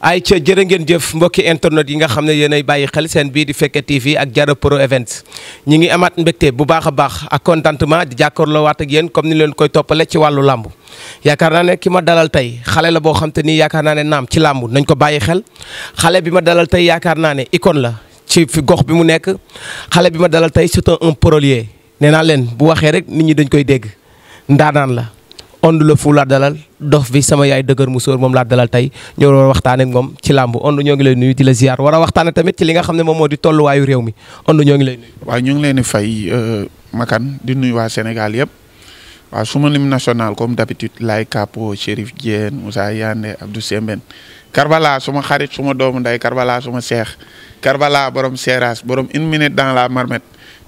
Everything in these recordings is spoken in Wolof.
ay ca jërë ngeen jëf mbokki internet yi nga xam ne yéenay bàyyi xel seen bii di Fekke TV ak Diarra Pro Events ñi ngi amaat mbégte bu baax a baax ak contentement di jàkkaarloo waat ak yéen comme ni leen koy toppale ci wàllu làmb yaakaar naa ne ki ma dalal xale la boo xam ni yaakaar naa ne naam ci làmbu nañ ko bàyyi xel xale bi ma dalal tey yaakaar naa ne icône la ci fi gox bi mu nekk xale bi ma dalal tey c'est un prolier nee naa leen bu waxee rek nit ñi dañ koy dégg ndaanaan la Onde le Fou laa dalal dox fi sama yaay dëgër mu moom laa dalal tey ñoo war a waxtaanee ak moom ci làmb Onde ñoo ngi lay di la ziar war a waxtaanee tamit ci li nga xam ne moom moo di tolluwaayu réew mi Onde ñoo ngi lay nuyu. waaw ngi leen fay euh, Makan di nuyu waa Sénégal yëpp waaw su ma lim national comme d'habitude Laye Capo Chérif Diène Moussa Yande Abdou Sembène Karbala suma xarit suma doomu nday Karbala suma seex Karbala borom seeraas borom une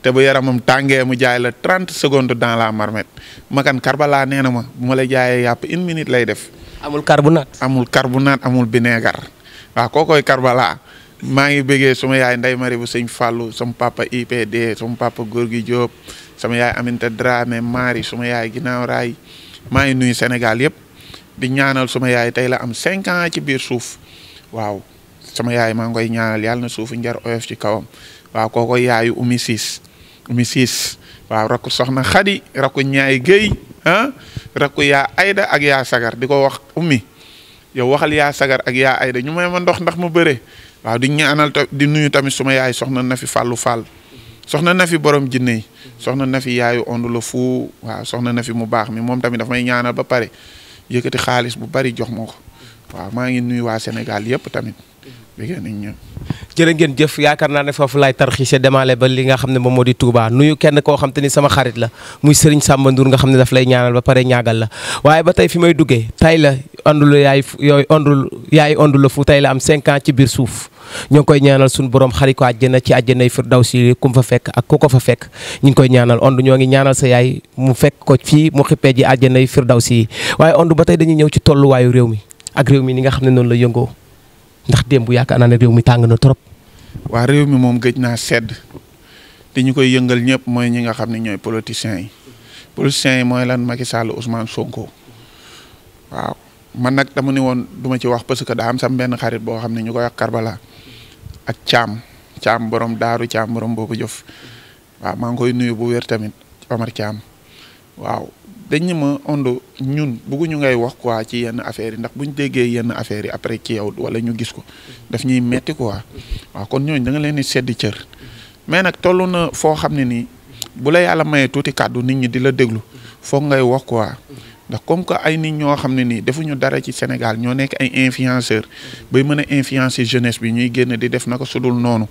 te bu yaramam tàngee mu jaay la trente secondes dans la marmite makan Karbala nee na ma bu ma la jaayee yàpp une minute lay def. amul carbonate amul carbonate amul vinaigre waaw kookooy Karbala maa ngi bëggee suma yaay Ndey Mari bu sëñ Fallou sama papa IPD sama papa Gorgui Diop sama yaay Aminta Dramé Marie suma yaay ginnaaw raay maa ngi nuyu Sénégal yëpp di ñaanal suma yaay tey la am cinquant ans ci biir suuf waaw sama yaay maa ngi koy ñaanal yàlla na suufu njar oyof ci kawam misis waaw rakku soxna xadi rakku ñaay géy ah rakku yaa ayda ak yaa sagar di ko wax ummi yow waxal yaa sagar ak yaa ayda ñu may ma ndox ndax mu bëre waaw di ñaanal di nuyu tamit suma yaay soxna nafi fi fàllu fàll soxna nafi borom jinne soxna na fi yaayu ondu fu soxna na fi mu baax mi moom tamit daf may ñaanal ba pare yëkkati xaalis bu bari jox ma waaw maa ngi nuyu waa Sénégal yëpp tamit bëggee nañ ñëpp. jërë ngeen jëf yaakaar naa ne foofu laay tarxiise demaale ba li nga xam ne moom moo di Touba nuyu kenn koo xam te ni sama xarit la muy Serigne Samba Ndour nga xam ne daf lay ñaanal ba pare ñaagal la waaye ba tey fi may duggee tay la ondul yaay yooyu ondul yaay ondul la fu tay la am 5 ci biir suuf ñoo ngi koy ñaanal suñu borom xarit ko àjjana ci àjjanay firdawsi kum fa fekk ak ku ko fa fekk ñu ngi koy ñaanal ond ñoo ngi ñaanal sa yaay mu fekk ko fii mu xippee ji àjjanay firdawsi waaye ond ba tey dañuy ñëw ci tolluwaayu réew mi ak réew mi xam ne noonu la yëngoo ndax démb yaakaar naa ne réew mi tàng trop. waa réew mi moom gëj naa sedd te ñu koy yëngal ñëpp mooy ñi nga xam ne ñooy politiciens yi politiciens yi mooy lan Macky Sall Ousmane Sonko waaw man nag dama ne woon duma ci wax parce que daa am sam benn xarit boo xam ne ñu koy wax Karbala ak caam caam borom daaru Thiam borom boobu jof waaw maa ngi koy nuyu bu wér tamit Omar Thiam waaw dañ ne ma Ondo ñun ñu ngay wax quoi ci yenn affaires yi ndax ñu déggee yenn affaires yi après ci yow wala ñu gis ko daf ñuy metti quoi waaw kon ñooñu da leen di sedd cër mais nag toll na foo xam ne nii bu la yàlla mayee tuuti kàddu nit ñi di la déglu foog ngay wax quoi ndax comme que ay nit ñoo xam ne nii defuñu dara ci Sénégal ñoo nekk ay influenceur bay mën a influencer jeunesse bi ñuy génn di def naka sudul noonu.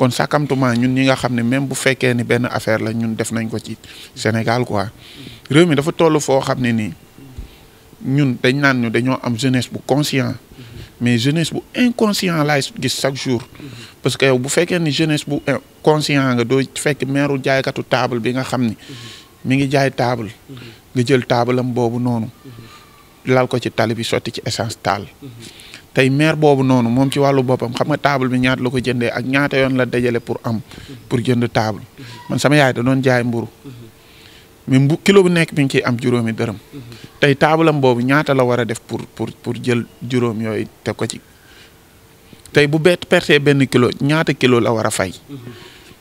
kon sàkkamtuma ñun ñi nga xam ne même bu fekkee ni benn affaire la ñun def nañ ko ci Sénégal quoi réew mi dafa toll foo xam ne nii ñun dañ naan ñu dañoo am jeunesse bu conscient mais jeunesse bu inconscient laay gis chaque jour parce que yow bu fekkee ni jeunesse bu conscient nga doo fekk meeru jaaykatu table bi nga xam ni mi ngi jaay table nga jël table am boobu noonu laal ko ci tali bi sotti ci essence taal tey maire boobu noonu moom ci wàllu boppam xam nga table bi ñaata la ko jëndee ak ñaata yoon la dajale pour am pour jënd table man sama yaay da doon jaay mburu mi mbu kilo bu nekk bi ngi ciy am juróomi dërëm tey table am boobu ñaata la war a def pour pour pour jël juróom yooyu teg ko ci tey bu bett pertee benn kilo ñaata kilo la war a fay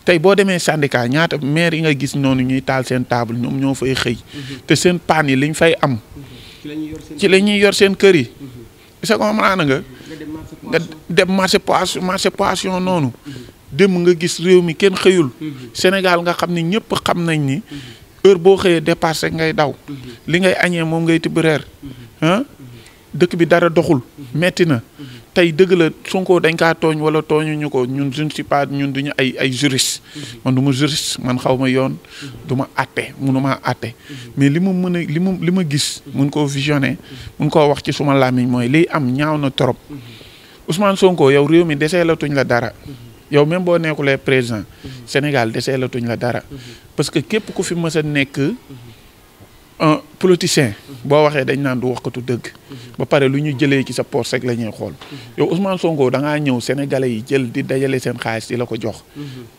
tey boo demee syndicat ñaata maire yi nga gis noonu ñuy taal seen table ñoom ñoo fay xëy te seen paan yi liñ fay am ci la ñuy yor seen kër yi sa comprendre nga nga dem marché poisson marché poisson noonu dem nga gis réew mi kenn xëyul Sénégal nga xam ni ñëpp xam nañ ni heure boo xëyee dépassé ngay daw li ngay añee moom ngay tibb reer dëkk bi dara doxul metti na tey dëgg la Sonko dañ kaa tooñ wala tooñuñu ko ñun je ne suis pas ñun duñu ay ay juriste mhm. man du ma juriste man xaw ma yoon mhm. du ma atte mënuma atte mhm. mais li ma li ma li ma gis mun koo visionné mun koo wax ci suma làmmiñ mooy liy am ñaaw na trop Ousmane Sonko yow réew mi desee la tuñ la dara yow même boo nekkulee président Sénégal desee la tuñ la dara parce que képp ku fi mës nekk politicien boo waxee dañ naan du waxkatu dëgg ba pare lu ñu jëlee ci sa poche rek la ñuy xool yow Ousmane Sonko da ngaa ñëw sénégalais yi jël di dajale seen xaalis di la ko jox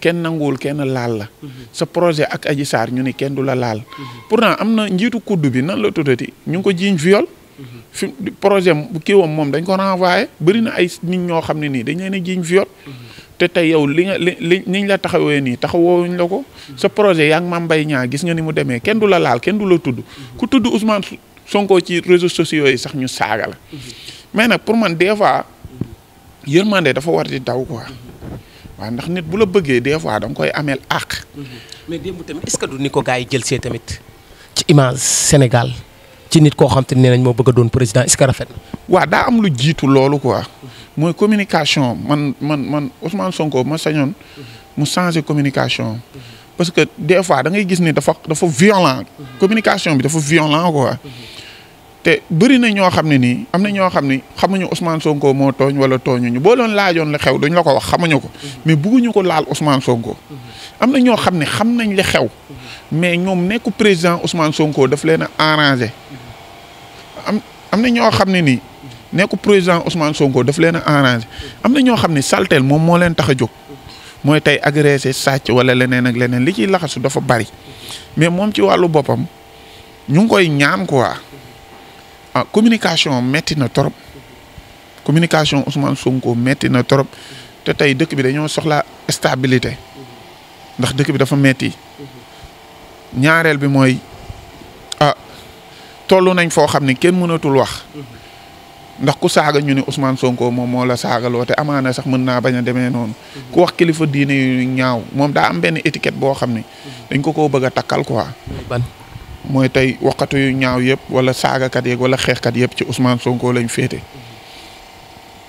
kenn nanguwul kenn laal la sa projet ak Adji Sarr ñu ni kenn du la laal pourtant am na njiitu kudd bi nan la tuddati ñu ngi ko jiiñ viol fi projet bu kii moom dañ ko renvoyé bëri na ay nit ñoo xam ne nii dañ leen a jiiñ viol te tey yow li nga li li niñ la taxawee nii taxawoo wuñ la ko sa projet yaa ngi Mame Mbaye Niang gis nga ni mu demee kenn du la laal kenn du la tudd ku tudd Ousmane Sonko ci réseaux sociaux yi sax ñu saaga la mais nag pour man des fois yërmande dafa war di daw quoi waaw ndax nit bu la bëggee des fois da koy ameel àq. mais mu tamit est-ce que du ni ko gars yi jël see tamit ci image Sénégal. ci nit koo xam te ne nañ moo bëgg doon président est rafet na. waaw daa am lu jiitu loolu quoi. mooy communication man man man Ousmane Sonko ma sañoon. mu changer communication. parce que des fois da ngay gis ni dafa dafa violent. communication bi dafa violent quoi. te bëri na ñoo xam ne nii am na ñoo xam ne xamuñu Ousmane Sonko moo tooñ wala tooñuñu boo doon laajoon la xew duñ la ko wax xamuñu ko mm-hmm. mais bëgguñu ko laal Ousmane Sonko mm-hmm. am na ñoo xam ne xam nañ li xew mm-hmm. mais ñoom nekku président Ousmane Sonko daf leen a arrangé am am na ñoo xam ne nii nekku président Ousmane Sonko daf leen a arrangé am na ñoo xam ne salteel moom moo leen tax a jóg mooy tey agressé sàcc wala leneen ak leneen li ciy laxasu dafa bari mais moom ci wàllu boppam ñu ngi koy ñaan quoi. a ah, communication metti na torop communication Ousmane Sonko metti na trop te tey dëkk bi dañoo soxla stabilité ndax dëkk bi dafa metti ñaareel bi mooy a ah, toll nañ foo xam ne kenn mënatul wax ndax ku saaga ñu ne Ousmane Sonko moom moo la saagaloo te amaana sax mën naa bañ a demee noonu. ku wax kilifa diine yu ñaaw moom daa am benn étiquette boo xam ni dañ ko koo bëgg a takkal quoi. ban. mooy tey waxkatu yu ñaaw yëpp wala saagakat yeeg wala xeexkat yëpp ci Ousmane Sonko lañu féete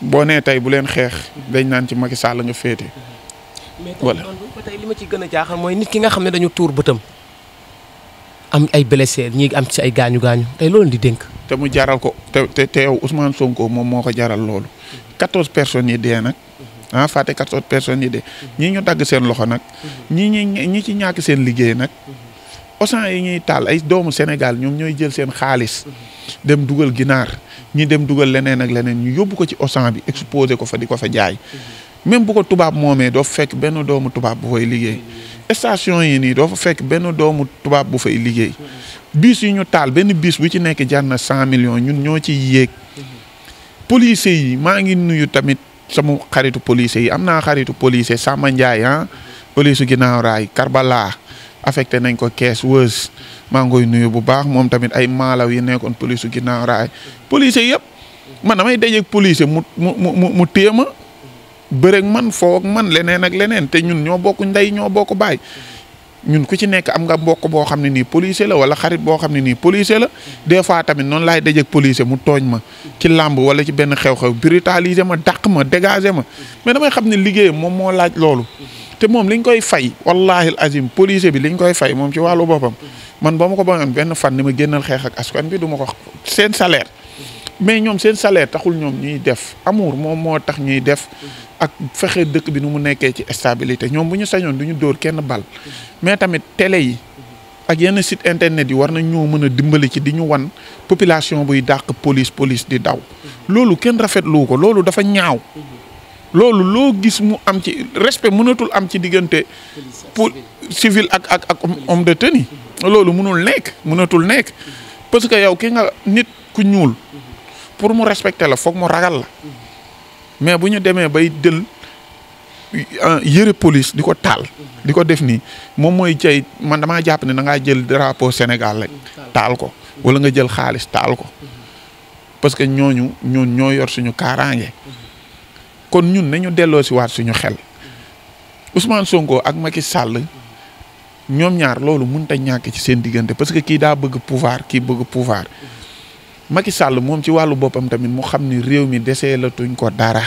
boo nee tey bu leen xeex dañ naan ci Macky Sall nga féete. voilà ci gën a jaaxal mooy nit ki nga xam ne dañu tuur bëtam am ay blessé ñi am si ay gaañu gaañu tey loolu di dénk. te mu jaral ko te te te yow Ousmane Sonko moom moo ko jaral loolu. quatorze personnes yi dee nag. ah fàtte quatorze personnes yi dee. ñii ñu dagg seen loxo nag. ñi ñi ci ñàkk seen liggéey nag. Auchan yi ñuy taal ay doomu Sénégal ñoom ñooy jël seen xaalis dem dugal ginaar ñi dem dugal leneen ak leneen ñu yóbbu ko ci Auchan bi exposé ko fa di ko fa jaay même bu ko tubaab moomee doo fekk benn doomu tubaab bu fay liggéey station yi nii doo fa fekk benn doomu tubaab bu fay liggéey bis yi ñu taal benn biis bu ci nekk jar na cent million ñun ñoo ci yéeg policiers yi maa ngi nuyu tamit sama xaritu policiers yi am naa xaritu policier Samba Ndiaye ah police ginnaaw raay affecté nañ ko kees wës maa ngi koy nuyu bu baax moom tamit ay maalaw yi nekkoon police su ginnaaw raay police yëpp man may dajeeg police mu mu mu mu téye ma bëreeg man foo man leneen ak leneen te ñun ñoo bokk ndey ñoo bokku baay ñun ku ci nekk am nga mbokk boo xam ne nii police la wala xarit boo xam ne nii police la des fois tamit noonu laay dajeeg police mu tooñ ma ci làmb wala ci benn xew-xew brutaliser ma dàq ma dégager ma mais damay xam ne liggéeyam moom moo laaj loolu. te moom liñ koy fay wallaahi azim policier bi liñ koy fay moom ci wàllu boppam man ba ma ko bañoon benn fan ni ma génnal xeex ak askan bi du ma ko seen salaire mais ñoom seen salaire taxul ñoom ñuy def amour moom moo tax ñuy def ak fexe dëkk bi nu mu nekkee ci stabilité ñoom bu ñu sañoon du ñu dóor kenn bal mais tamit télé yi ak yenn site internet yi war nañ ñoo mën a dimbali ci di ñu wan population buy dàq police police di daw loolu kenn rafetlu ko loolu dafa ñaaw loolu loo gis mu am ci respect mënatul am ci diggante pour civil ak ak ak homme de tenue loolu mënul nekk mënatul nekk parce que yow ki nga nit ku ñuul pour mu respecter la foog mu ragal la mais bu ñu demee bay jël yëre police di ko taal di ko def nii moom mooy cay man damaa jàpp ne da ngaa jël drapeau Sénégal rek taal ko wala nga jël xaalis taal ko parce que ñooñu ñoo ñoo yor suñu kaaraange kon ñun nañu delloo si waat suñu xel Ousmane Sonko ak Macky sàll ñoom ñaar loolu mun a ñàkk ci seen diggante parce que kii daa bëgg pouvoir kii bëgg pouvoir Macky sàll moom ci wàllu boppam tamit mu xam ni réew mi desee la tuñ ko dara.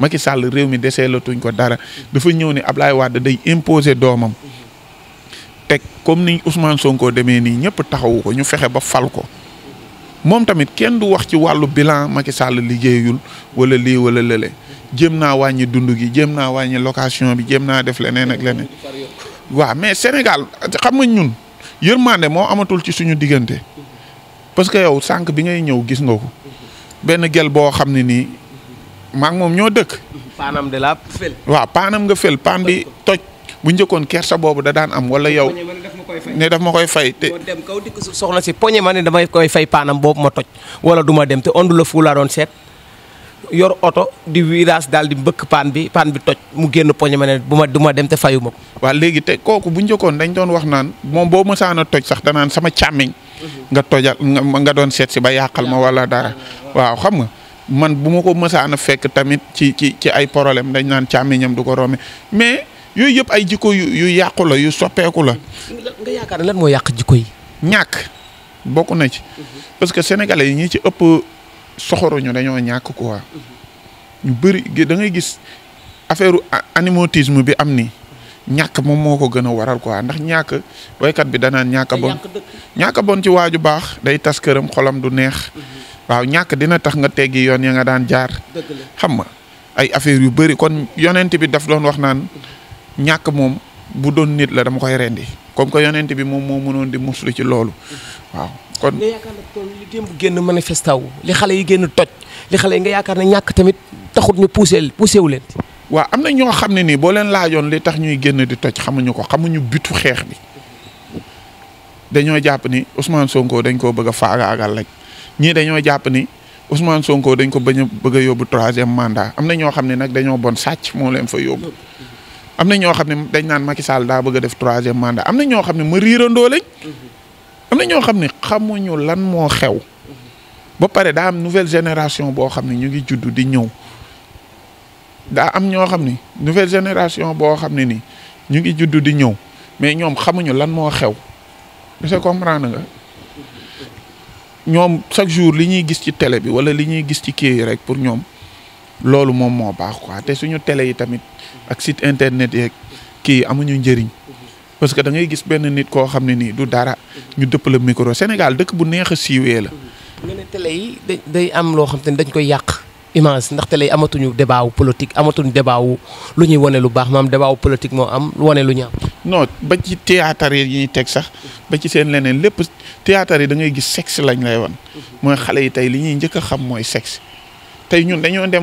Macky sàll réew mi desee la tuñ ko dara dafa ñëw ne Ablaye Wade day imposer doomam. teg comme ni Ousmane Sonko demee nii ñëpp taxawu ko ñu fexe ba fal ko moom tamit kenn du wax ci wàllu bilan Macky sàll liggéeyul wala lii wala lële. jéem naa wàññi dund gi jéem naa wàññi location bi jéem naa def leneen ak leneen waaw mais Sénégal xam nga ñun yërmande moo amatul ci suñu diggante parce que yow sànq bi ngay ñëw gis nga ko benn gel boo xam ne nii maa moom ñoo dëkk. paanam de la fel. waaw paanam nga fel paan bi toj bu njëkkoon kersa boobu da daan am wala yow. ne daf ma koy fay te. dem kaw dikk soxna si poñe ma ne damay koy fay paanam boobu ma toj wala duma dem te ondu la fu laa doon seet. yor oto di virage daal di mbëkk paan bi paan bi toj mu génn poñi ma ne bu ma du ma dem te fayu ko. waaw léegi te kooku bu njëkkoon dañ doon wax naan moom boo mësaan a toj sax naan sama càmmiñ. Mhm. nga tojal nga doon seet si ba yàqal ma wala dara. waaw xam nga man bu ma ko mësaan a fekk tamit ci ci ci ay problème dañ naan càmmiñam du ko romee mais yooyu yëpp ay jikko yu yu yàqu la yu soppeeku la. nga yaakaar lan moo yàq jikko yi. ñàkk bokk na ci. Mhm. parce que sénégalais soxoruñu dañoo ñàkk quoi ñu bëri da ngay gis affaire animatisme bi am ni ñàkk moom moo ko gën a waral quoi ndax ñàkk waykat bi danaan ñàkk bon ñàkk bon ci waaju baax day tas këram xolam du neex mhm. waaw ñàkk dina tax nga teggi yoon ya nga daan jaar xam nga ay affaire yu bëri kon yonent bi daf doon wax naan ñàkk moom bu doon nit la dama koy rendi comme que yonent bi moom moo mënoon di muslu ci loolu waaw kon nga li génn manifesta li xale yi génn toj li xale yi nga yaakaar ne ñàkk tamit taxut ñu poussé poussé wu leen waa am na ñoo xam ne nii boo leen laajoon li tax ñuy génn di toj xamuñu ko xamuñu bitu xeex bi dañoo jàpp ni Ousmane Sonko dañ koo bëgg a faagaagal lañ ñii dañoo jàpp ni Ousmane Sonko dañ ko bañ bëgg a yóbbu troisième mandat am na ñoo xam ne nag dañoo bon sàcc moo leen fa yóbbu am na ñoo xam ne dañ naan Macky daa bëgg def troisième mandat am na ñoo xam ne ma riirandoo lañ. Mm-hmm. am na ñoo xam ne xamuñu lan moo xew. Mm-hmm. ba pare daa am nouvelle génération boo xam ne ñu ngi juddu di ñëw daa am ñoo xam ni nouvelle génération boo xam ne ni ñu ngi juddu di ñëw mais ñoom xamuñu lan moo xew. est comprendre nga mm-hmm. ñoom chaque jour li ñuy gis ci tele bi wala li ñuy gis ci kii yi rek pour ñoom. loolu moom moo baax quoi te suñu télé yi tamit ak site internet yeeg kii amuñu njëriñ parce que da ngay gis benn nit koo xam ne nii du dara ñu dëpp la micro Sénégal dëkk bu neex a siiwee la. nga ne day am loo xam te ne dañ koy yàq image ndax télé amatuñu débat wu politique amatuñu débat ñuy wane lu baax maam débat moo am wane lu ñaaw. non ba ci théâtre yi teg sax ba ci seen leneen lépp théâtre yi da ngay gis sexe lañ lay wan mooy xale yi tey li ñuy njëkk a xam mooy sex tey ñun dañoo dem.